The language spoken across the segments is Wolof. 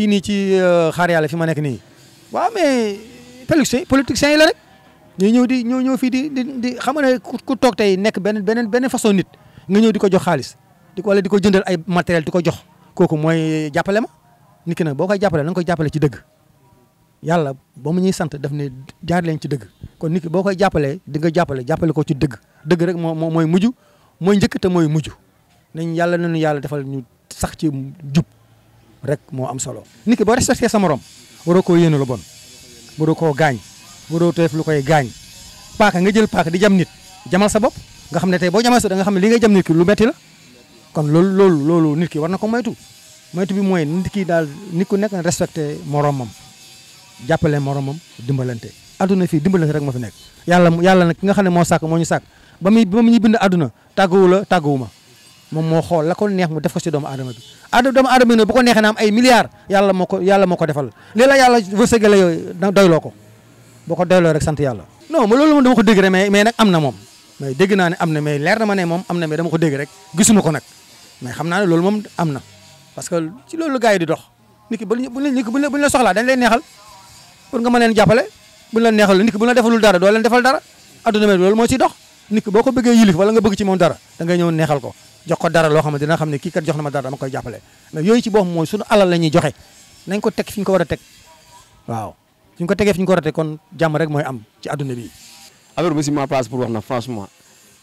fii nii ci euh, xaar yàlla fi ma nekk nii waa mais politicien politicien yi la rek ñuy ñëw di ñëw ñëw fii di di xam nga ne ku toog tey nekk benn beneen beneen façon nit nga ñëw di ko jox xaalis di ko wala di ko jëndal ay matériel di ko jox kooku mooy jàppale ma nit ki nag boo koy jàppale na nga koy ci dëgg yàlla ba mu ñuy sant daf ne jaar leen ci dëgg kon nit ki boo koy jàppalee di nga jàppale jàppale ko ci dëgg dëgg rek moo mooy mujj mooy njëkk te mooy mujj nañ yàlla nañu yàlla defal ñu sax ci jub rek moo am solo nit ki boo respecté sa morom waroo koo yéene lu bon waroo koo gaañ waroo teef lu koy gaañ paaka nga jël paaka di jam nit jamal sa bopp nga xam ne tey boo jamal sa da xam ne li ngay jam nit ki lu metti la kon loolu loolu loolu nit ki war na ko moytu moytu bi mooy nit ki daal nit ku nekk respecté moromam jàppale moromam dimbalante adduna fii dimbalante rek moo fi nekk yàlla yàlla nag ki nga xam ne moo sàkk moo ñu sàkk ba muy mu ñuy bind adduna tàgguwu la ma moom moo xool la ko neex mu def ko si doomu aadama bi aada doomu aadama bi bu ko neexee na am ay milliards yàlla moo ko yàlla moo ko defal lii la yàlla wërsëgale ko boo ko doyloo rek sant yàlla non ma ko dégg rek mais mais nag na moom mais dégg naa ne am na mais leer na ma ne moom am na mais dama ko dégg rek gisuma ko nag mais xam naa ne loolu moom am na parce que ci loolu gars yi di dox nit ki buñ buñ la soxlaa dañ lay neexal pour nga mën leen jàppale la neexal defalul dara doo leen defal dara adduna loolu moo ciy dox nit ki boo ko bëggee yilif wala nga bëgg ci moom dara da ngay ñëw neexal ko jox ko dara loo xam ne dina ne kii kat jox na ma dara dama koy jàppale mais yooyu ci boppam mooy suñu alal la ñu ko tegee fi ñu ko war a teg jàmm rek mooy am ci adduna bi affaire bi si na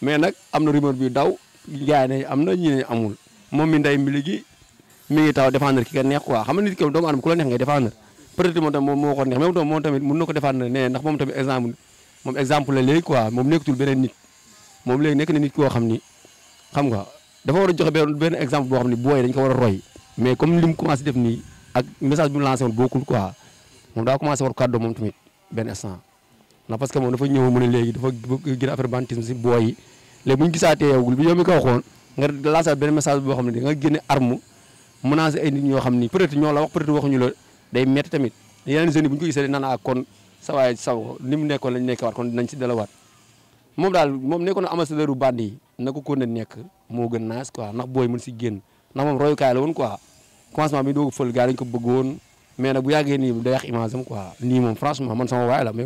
mais nag am na rumeur bi daw gars yi ne am na moom moo tamit mën na ko défendre ne ndax moom tamit exemple moom exemple la léegi quoi moom nekkatul beneen nit moom léegi nekk na nit koo xam ni xam nga dafa war a joxe benn benn exemple boo xam ni booy dañ ko war a roy mais comme li mu commencé def nii ak message bi mu lancé woon bokkul quoi moom daa benn instant ndax parce que moom ñëw mu dafa gën affaire banditisme si booy yi léegi bu gisaatee yow xam ne da nga génne arme menacer ay nit ñoo xam ñoo la wax peut être waxuñu la day metti tamit yeneen jeunes yi bu ñu ko gisee dañ ah kon sa saw ni nekkoon lañ nekkaat kon dinañ si dalawaat moom daal moom ko kon nekk moo gën naas quoi ndax booy mën si génn ndax moom royukaay la woon quoi commencement bi doo ko fël gars dañ ko bëgg nag bu yàggee nii day yàq moom franchement man la mais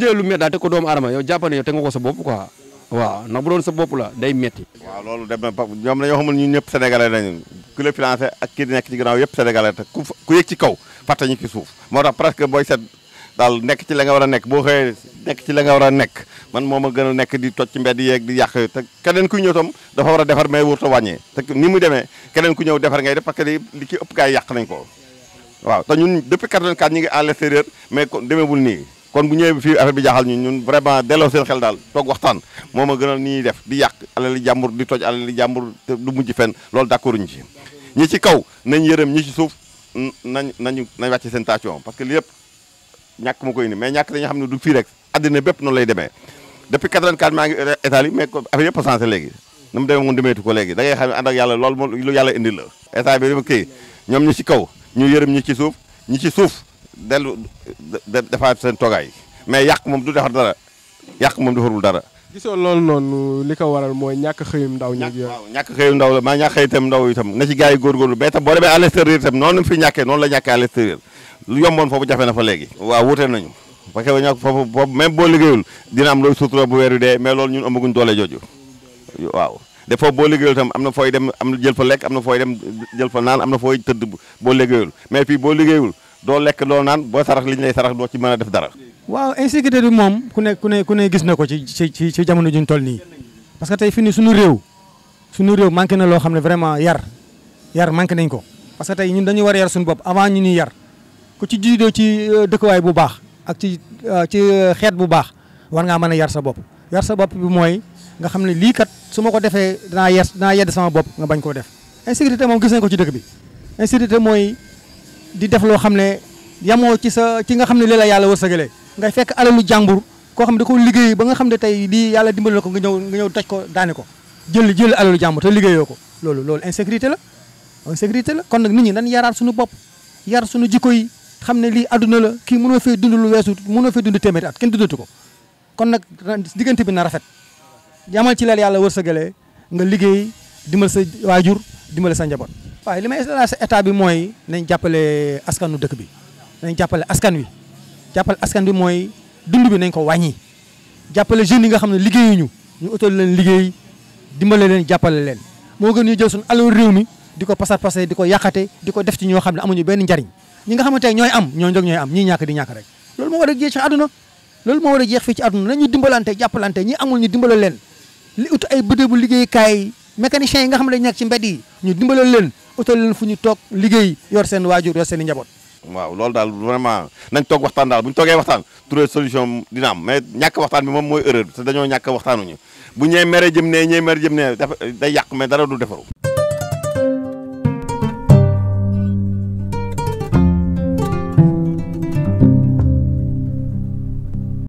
lu métti daal te ko doomu aadama yow jàppane yow te nga ko sa bopp quoi waaw sa bopp la day metti waaw loolu ñun ñëpp sénégalais ku la financé ak kii nekk suuf moo tax presque booy seet daal nekk ci la nga war a nekk boo xëyee nekk ci la war a nekk man moo ma gën a nekk di toj ci mbedd yeeg di yàq te keneen ku ñëw tam dafa war a defar mais wurta wàññee te ni mu demee keneen ku ñëw defar ngay def parce que li ci ëpp gaay yàq nañ ko waaw te ñun depuis 84 ñu ngi à l'extérieur mais demeewul nii kon bu ñëwee fii affaire bi jaaxal ñun ñun vraiment delloo seen xel daal toog waxtaan moo ma gënal ni ñuy def di yàq alali jàmbur di toj alali jàmbur te du mujj fenn loolu d'accord ñu ci ñi ci kaw nañ yërëm ñi ci suuf nañ nañu nañ wàcc seen parce que lépp ñàkk ma koy indi mais ñàkk dañu xam ne du fii rek àddina bépp noonu lay demee depuis 84 maa ngi Italie a changé léegi nu mu demee moom demeetu ko léegi da ngay xam ne ànd ak yàlla loolu ñu ci kaw ñu ci suuf ñu ci defaat seen toogaay mais yàq moom du defar dara yàq moom defarul dara gisoo loolu noonu li ko waral mooy ñàkk xëyum ndaw ñi waaw ñàkk xëyum ndaw la maa ñàkk na ci gars yi góorgóorlu mais itam boo demee à l'extérieur noonu fi ñàkkee noonu la ñàkkee à lu yomboon foofu jafe na fa léegi waaw wute nañu parce que ñoo foofu foofu même boo liggéeyul dina am loolu sutura bu weer wi dee mais loolu ñun amaguñ doole jooju waaw de foofu boo liggéeyul tam am na fooy dem am na jël fa lekk am na fooy dem jël fa naan am na fooy tëdd boo liggéeyul mais fii boo liggéeyul doo lekk doo naan boo sarax li ñu lay sarax doo ci mën a def dara waaw insécurité bi moom ku ne ku ne ku ne gis na ko ci ci ci jamono juñ toll nii parce que tey fi ni suñu réew suñu réew manqué na loo xam ne vraiment yar yar manqué nañ ko parce que tey ñun dañu war a yar suñu bopp avant ñu ñuy yar ku ci jiidoo ci eh, way bu baax ak ci eh, ci xet bu baax war nga mëna yar sa bop yar sa bop bi moy nga xamni li kat suma ko defé dana yes dana yedd sama bop nga bañ ko def insécurité mom gis nañ ko ci dekk bi insécurité moy di def lo xam yamo ci sa ci nga xam ne yalla la nga fekk alalu jàmbur ko xam ko liggéey ba nga xam tay di yalla dimbal ko nga ñew nga ñew daj ko daane ko jël jël alalu jàmbur te liggéeyoo ko lolu lolu insécurité la insécurité la kon nak nit ñi nan yarar suñu bop yar suñu jikko yi xam ne lii àdduna la kii mënoo fee dund lu weesu mënoo fee dund téeméeri at kenn dundatu ko kon nag diggante bi na rafet yamal ci leel yàlla wërsëgalee nga liggéey dimbal sa waajur dimbal sa njaboot. waaye li may sa état bi mooy nañ jàppale askanu dëkk bi nañ jàppale askan wi jàppale askan bi mooy dund nañ ko wàññi jàppale jeunes yi nga xam ne liggéeyuñu ñu utal leen liggéey dimbale leen jàppale leen moo gën ñu jël suñu alalu réew mi di ko pasar pasar di ko yàqate di ko def ci ñoo xam ne amuñu benn njariñ ñi nga xamante ne ñooy am ñoo jóg ñooy am ñii ñàkk di ñàkk rek loolu moo war a jeex ci àdduna loolu moo war a jeex fii ci àdduna nañu dimbalante jàppalante ñi amul ñu dimbala leen li ut ay bëdëbu liggéeykaay mécaniciens yi nga xam ne nekk ci mbedd ñu dimbala leen fu ñu toog liggéey yor seen waajur yor seen i njaboot waaw loolu daal vraiment nañ toog waxtaan daal bu ñu toogee waxtaan trouver solution dina am mais ñàkk waxtaan bi moom mooy erreur te dañoo ñàkk waxtaanuñu bu ñee mere jëm ne ñee mere jëm ne dafa day dara du defaru